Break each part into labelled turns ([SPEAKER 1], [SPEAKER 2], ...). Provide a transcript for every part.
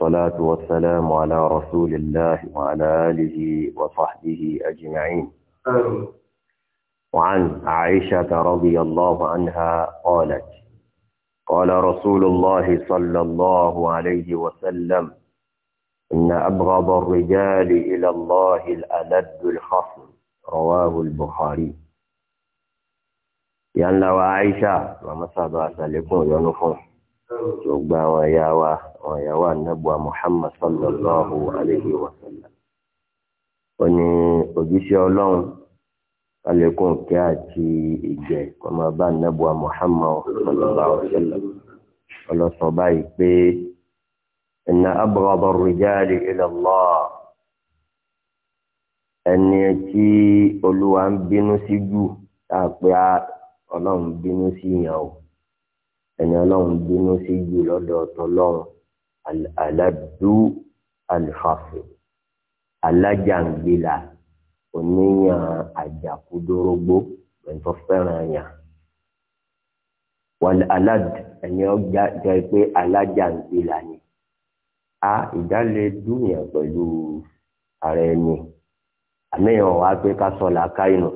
[SPEAKER 1] والصلاة والسلام على رسول الله وعلى آله وصحبه أجمعين وعن عائشة رضي الله عنها قالت قال رسول الله صلى الله عليه وسلم إن أبغض الرجال إلى الله الألد الخصم رواه البخاري يعني لو عائشة ومسابة سالكون ينفون tó gba àwọn ẹ̀yà wa àwọn ẹ̀yà wa nàbùwà Muhammad sallallahu alayhi wa sallam. ó ní òjíṣẹ́ ọlọ́run alẹ́kùn kí àti ìjẹ́ ọmọ bá nàbùwà Muhammad sallallahu alayhi wa sallam. ọlọ́sọ báyìí pé inna abghada ar-rijali ẹni tí olúwa ń bínú sí jù tá a pé ọlọ́run bínú sí yàn o ẹni ọlọ́run bínú sí jù lọ́dọ̀ tọlọ́run aládù alifàfẹ́ alájàngbìlà oníyàn àjàkúdórógbó ẹ̀ńtọ́ fẹ́ràn yàn wàlẹ̀ alád ẹni ọjà jẹ́ pé alájàngbìlà ni a ìdálé dúnyàn pẹ̀lú ara ẹni àmì ìhàn wa pé ká sọ làákàyè nù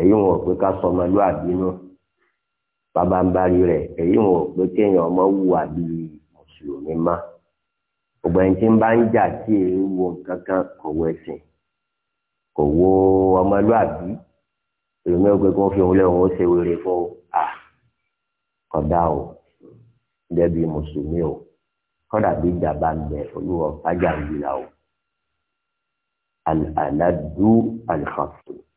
[SPEAKER 1] èyí wọn pé ká sọ ọmọlúwàbí nù bàbá ń bá rí rẹ̀ èyí wọn ò pé kéèyàn ọmọ wùwà bí mùsùlùmí má gbogbo ẹni tí ń bá ń jà tí èyí wo nǹkan kan kò wọ ẹsìn kò wo ọmọlúàbí èmi ò pé kí wọ́n fi òun lẹ́wọ̀n ó ṣe wéré fún à kódà o dẹ́bi mùsùlùmí o kódà bí ìjà ń bẹ olúwọ̀ fájà ń gbìlà o alàdú alìkàtúntò.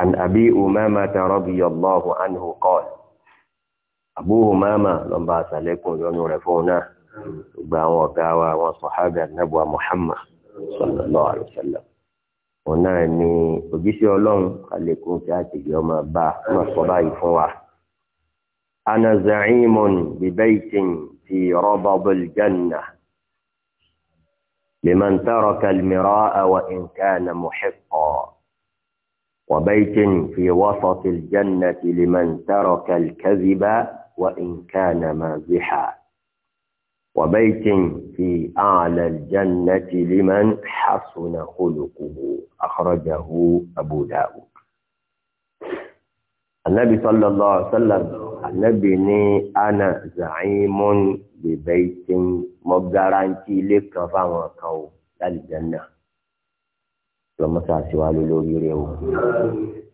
[SPEAKER 1] عن أبي أمامة رضي الله عنه قال أبو أمامة لما سألكم ينرفونه بأن وقاوة وصحابة النبوة محمد صلى الله عليه وسلم هنا أني أجيسي أولون قال يوم أبا ما فوا أنا زعيم ببيت في ربض الجنة لمن ترك المراء وإن كان محقا وبيت في وسط الجنة لمن ترك الكذب وإن كان مازحا وبيت في أعلى الجنة لمن حسن خلقه أخرجه أبو داود النبي صلى الله عليه وسلم النبي ني أنا زعيم ببيت مبدرانتي لك فما كو الجنة lọ́mọ́sá síwájú lórí rẹ̀ o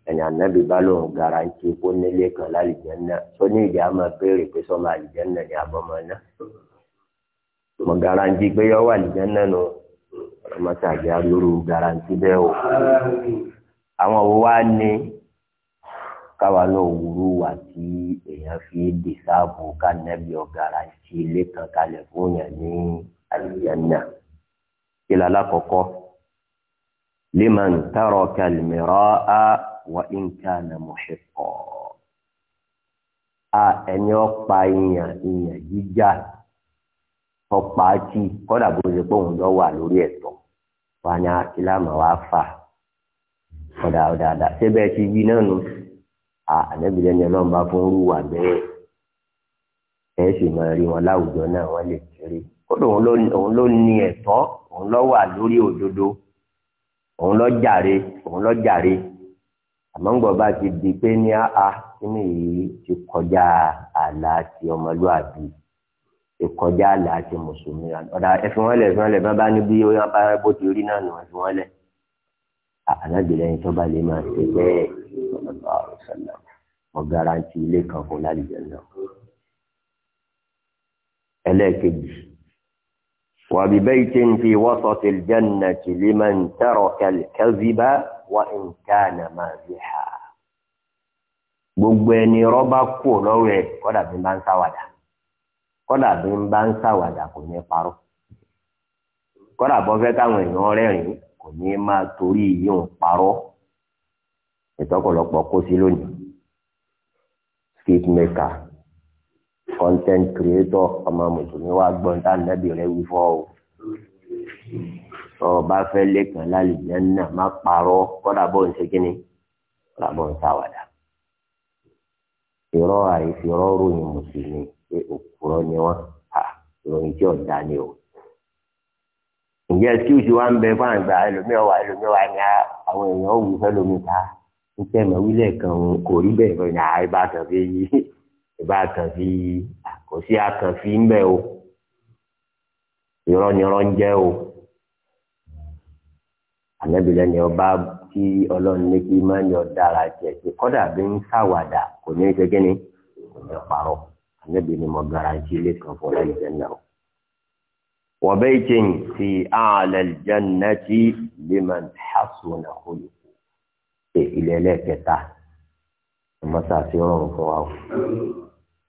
[SPEAKER 1] ẹni ànábì bá lóun garanti kó nílé kan lálìjẹ́nà tó ní ìdí àmọ́ béèrè pé sọ́mọ àlìjẹ́nà ni àbọ̀mọ́ náà mo garanti pé yọ wà àlìjẹ́nà nù lọ́mọ́sá àjẹ́ garanti bẹ́ẹ̀ o àwọn òwò wa ní káwa náà wúrú wà tí èèyàn fi dìsáàbù kánẹ́bí ọ̀gára ti ilé kan kalẹ̀ fún yàn ní àlìjẹ́nà kí lálá kọ̀kọ́ liman taraka al-miraa wa in kana muhiqqa. a ẹni ọ̀pá ìyàn ìyàn jíjà ọ̀pá tí kọ́dà bó ṣe pé òun lọ wà lórí ẹ̀tọ́ wà ní akílámà wà fà ọ̀dà ọ̀dà ọ̀dà síbẹ̀ ti yí náà nù àdébìlẹ̀ ni ọlọ́run bá fún rúwà bẹ́ẹ̀ ẹ sì máa rí wọn láwùjọ náà wọ́n lè kéré kódà òun ló ní ẹ̀tọ́ òun lọ wà lórí òdodo òun lọ jàre òun lọ jàre àmọ́ ń gbọ́ bá ti di pé ní àá kíní yìí ti kọjá àlà ti ọmọlúwàbí ti kọjá àlà ti mùsùlùmí ọ̀dà ẹ̀fìn wọn lẹ̀ ẹ̀fìn wọn lẹ̀ bá bá ní bí ó yá bá bó ti rí náà nù ẹ̀fìn wọn lẹ̀ ànágbèlẹ́yìn tó bá lè máa ṣe bẹ́ẹ̀ mo garanti ilé kan fún lálẹ́ jẹ́ náà ẹlẹ́ẹ̀kejì. وببيت في وسط الجنة لمن ترك الكذب وإن كان مازحا gbogbo ẹni rọba kú lọ́rọ̀ ẹ kódà bí n bá ń ṣàwàdà kódà bí n bá ń ṣàwàdà kò ní parọ́ kódà bọ́ fẹ́ káwọn èèyàn rẹ́rìn kò ní máa torí yíyún parọ́ ìtọ́kọ̀lọpọ̀ kó sí lónìí skate maker content creator ọmọ mùsùlùmí wa gbọ́n tá nàbì rẹ wí fọ́ o ọba fẹ́ lẹ́kàn lálẹ́ náà má parọ́ kọ́dà bọ́ ń ṣe kínní kọ́dà bọ́ ń ṣàwàdà irọ́ àìfirọ́ ròyìn mùsùlùmí pé òkúrọ́ ni wọ́n à ròyìn tí ọ̀dà ni o ǹjẹ́ excuse wa ń bẹ fún àgbà ẹlòmíràn wà ẹlòmíràn wà ni, àwọn èèyàn òwú fẹ́ lómi ta ń tẹ̀ mọ́ wílẹ̀ kan kò rí bẹ́ẹ̀ fẹ́ ní àìbátan fi yí ìbá kan fi àkọsí àkàn fi o irọ́ ni ń jẹ́ o ànábìlẹ̀ ni ọba tí ọlọ́run ní kí má ní ọ̀dára jẹ pé kọ́dà bí ń ṣàwàdà kò ní ṣe kí ni kò ní parọ́ ànábìlẹ̀ ni mo garanti ilé kan fún ọlọ́run jẹ náà. وبيت في أعلى الجنة لمن حسن خلقه إلى لك تا ما سافرون فواه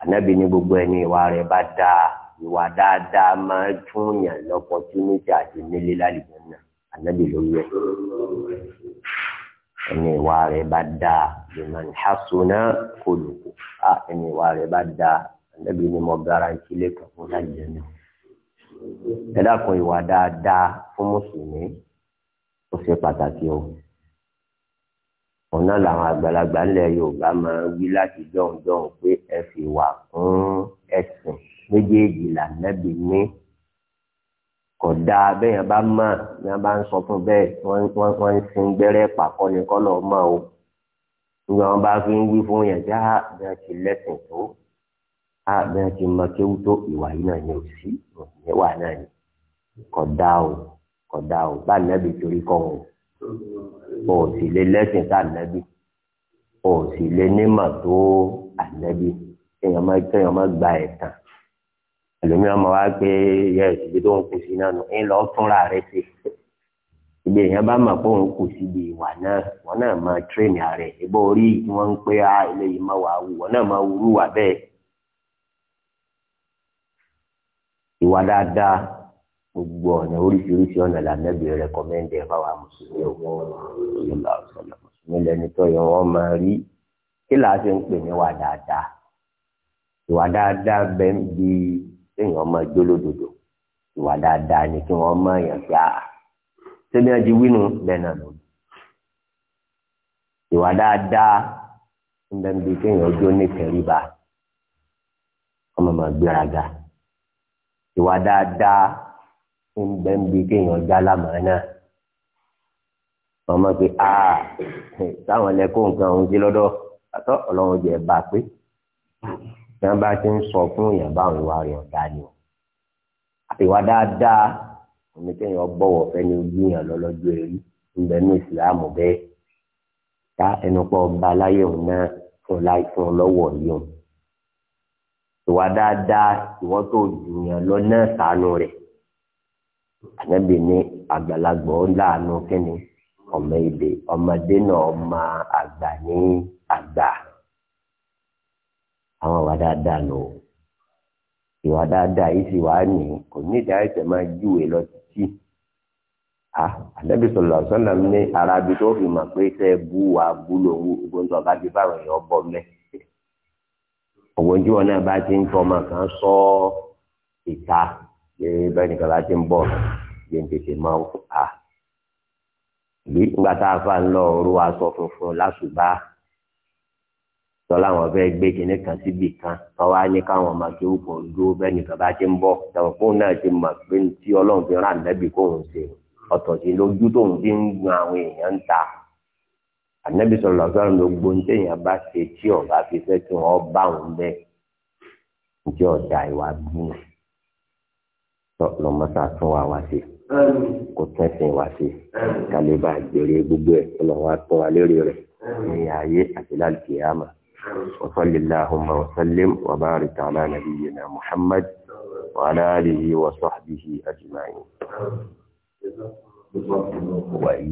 [SPEAKER 1] ànábì ní gbogbo ẹni ìwà rẹ̀ bá dáa ìwà dáadáa máa tún yàn lọ́pọ̀túnìtì àti nílé lálùbọ̀ náà ànábì ló yẹ ẹni ìwà rẹ̀ bá dáa liman hasuna khuluqu à ẹni ìwà rẹ̀ bá dáa ànábì ní mo garanti lẹ́kọ̀ọ́ fún lájẹ̀ náà ẹ dákun ìwà dáadáa fún mùsùlùmí ó ṣe pàtàkì o òun náà làwọn àgbàlagbà ńlẹ̀ Yorùbá máa wí láti jọ̀hún jọ̀hún pé ẹ fi wà fún ẹ̀sìn méjèèjì lànàbì ní kódà bẹ́yẹn bá mọ̀ ní wọ́n bá ń sọ fún bẹ́ẹ̀ wọ́n ń sin gbẹ́rẹ́ pàkọ́ ni kọ́ lọ́ọ́ mọ̀ o nígbà wọn bá fi ń wí fún yẹn já bí wọn ti lẹ́sìn tó á bí wọn ti mọ kéwú tó ìwà yìí náà ni ò sí ìwà náà ni kódà o kódà o bá nàbì torí kọ́ wọn o. o sì lè lẹ́sìn tá o lè nímọ̀ tó ànábì kéèyàn má kéèyàn má gba ẹ̀tàn ẹlòmíràn máa wá pé yẹ ìsìnkú tó ń kú sí náà nù ń lọ rẹ sí ibi èèyàn bá mọ̀ pé òun kù síbi ìwà náà wọn náà máa tírèmì ààrẹ ìbọn orí tí ah, wà wù wọn náà máa wúrú wà ìwà gbogbo ọ̀nà oríṣiríṣi ọ̀nà lànàbí rẹ̀kọ́mẹ́ndẹ̀ fáwọn mùsùlùmí òkú ìlà ọ̀sọ̀lọ̀ mùsùlùmí lẹni tó yẹ wọ́n máa rí kí làá ṣe ń pè ní wà dáadáa ìwà dáadáa bẹ́ẹ̀ ń bi èèyàn máa jó lódodo ìwà dáadáa ni kí wọ́n máa yàn gbà á sẹ́ni àjí wínú bẹ́ẹ̀ náà lónìí ìwà dáadáa ń bẹ́ẹ̀ ń bi kéèyàn jó nítẹríba ọmọ máa gbéraga ìwà dáadáa ń bẹ́ ń bi kéèyàn já lámàá náà ọmọ pé a táwọn ẹlẹ́kọ̀ọ́ nǹkan ọ̀hún sí lọ́dọ̀ àtọ́ ọlọ́run jẹ́ bá a pé tí wọ́n bá ti ń sọ fún èèyàn báwọn ìwà rẹ̀ ọ̀dà ni o ìwà dáadáa omi kéèyàn bọ̀wọ̀ fẹ́ ni ojú yàn ń bẹ ní ìsìláàmù bẹ́ẹ̀ ta ẹnu pọ̀ ba láyé òun náà fún láì fún yìí o ìwà dáadáa ìwọ́n tó jù yàn lọ náà sànú rẹ̀ ànábì ní àgbàlagbà ó láàánú kínní ọmọ èdè ọmọdé náà ma àgbà ní àgbà àwọn wà dáadáa nù o ìwà dáadáa yìí sì wàá nì kò ní ìdáyé tẹ máa júwe lọ títí a ànábì sọlọ sọlọ ní arábi tó fi mà pé sẹ bú wa bú lòun ògbóǹtọ bá ti fáwọn èèyàn bọ mẹ ògbóǹtí wọn náà bá ti ń fọmọ kan sọ ìta. So, pé bẹ́ẹ̀ nìkan láti ń bọ̀ yé ń tètè máa ń pa. ìgbà tá a fà ń lọ òru aṣọ funfun lásùbà tọ́lá wọn fẹ́ gbé kinní kan síbì kan tọ́wá ní káwọn ọmọ tó kò dúró bẹ́ẹ̀ nìkan bá ti ń bọ̀ tẹ̀wọ̀n fóun náà ti mọ̀ pé tí ọlọ́run fi rán ànábì kóun ṣe ọ̀tọ̀ sí lójú tóun fi ń gun àwọn èèyàn ń ta ànábì sọ̀rọ̀ lọ́sọ̀rọ̀ ló gbóńtéèyàn bá ṣe tí ọ̀bá fi fẹ́ tí wọ́n bá òun bẹ́ẹ̀ tí ọ̀dà ìwà gbìyànjú lọ mọ́tà tún wa wá sí kó tún ẹ̀sìn wá sí kálíbà gbèrè gbogbo ẹ̀ kó lọ́wọ́ tún wa lérè rẹ̀ ní ayé àti láti àmà وصل اللهم وسلم وبارك على نبينا محمد وعلى آله وصحبه أجمعين